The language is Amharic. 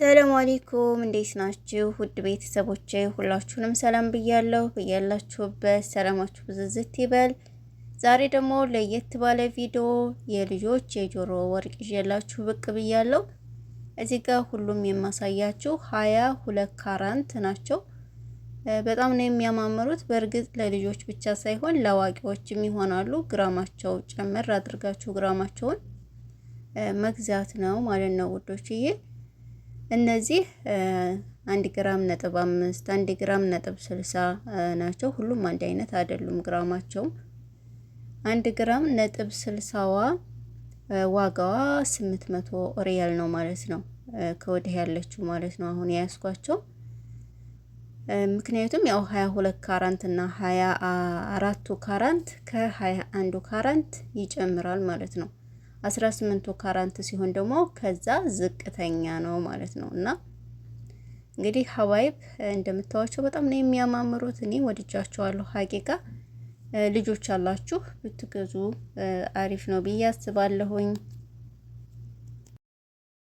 ሰላም አለይኩም እንዴት ናችሁ? ውድ ቤተሰቦቼ ሁላችሁንም ሰላም ብያለሁ። ብያላችሁበት ሰላማችሁ ብዝዝት ይበል። ዛሬ ደግሞ ለየት ባለ ቪዲዮ የልጆች የጆሮ ወርቅ ይዤላችሁ ብቅ ብያለሁ። እዚህ ጋር ሁሉም የማሳያችሁ ሀያ ሁለት ካራንት ናቸው። በጣም ነው የሚያማምሩት። በእርግጥ ለልጆች ብቻ ሳይሆን ለአዋቂዎችም ይሆናሉ። ግራማቸው ጨምር አድርጋችሁ ግራማቸውን መግዛት ነው ማለት ነው ውዶችዬ እነዚህ አንድ ግራም ነጥብ አምስት አንድ ግራም ነጥብ ስልሳ ናቸው። ሁሉም አንድ አይነት አይደሉም ግራማቸው። አንድ ግራም ነጥብ ስልሳዋ ዋጋዋ ስምንት መቶ ሪያል ነው ማለት ነው። ከወዲህ ያለችው ማለት ነው አሁን የያዝኳቸው ምክንያቱም ያው ሀያ ሁለት ካራንት እና ሀያ አራቱ ካራንት ከሀያ አንዱ ካራንት ይጨምራል ማለት ነው። 18ቱ ካራንት ሲሆን ደግሞ ከዛ ዝቅተኛ ነው ማለት ነው። እና እንግዲህ ሀዋይብ እንደምታዋቸው በጣም ነው የሚያማምሩት። እኔ ወድጃቸዋለሁ ሀቂቃ። ልጆች አላችሁ ብትገዙ አሪፍ ነው ብዬ አስባለሁኝ።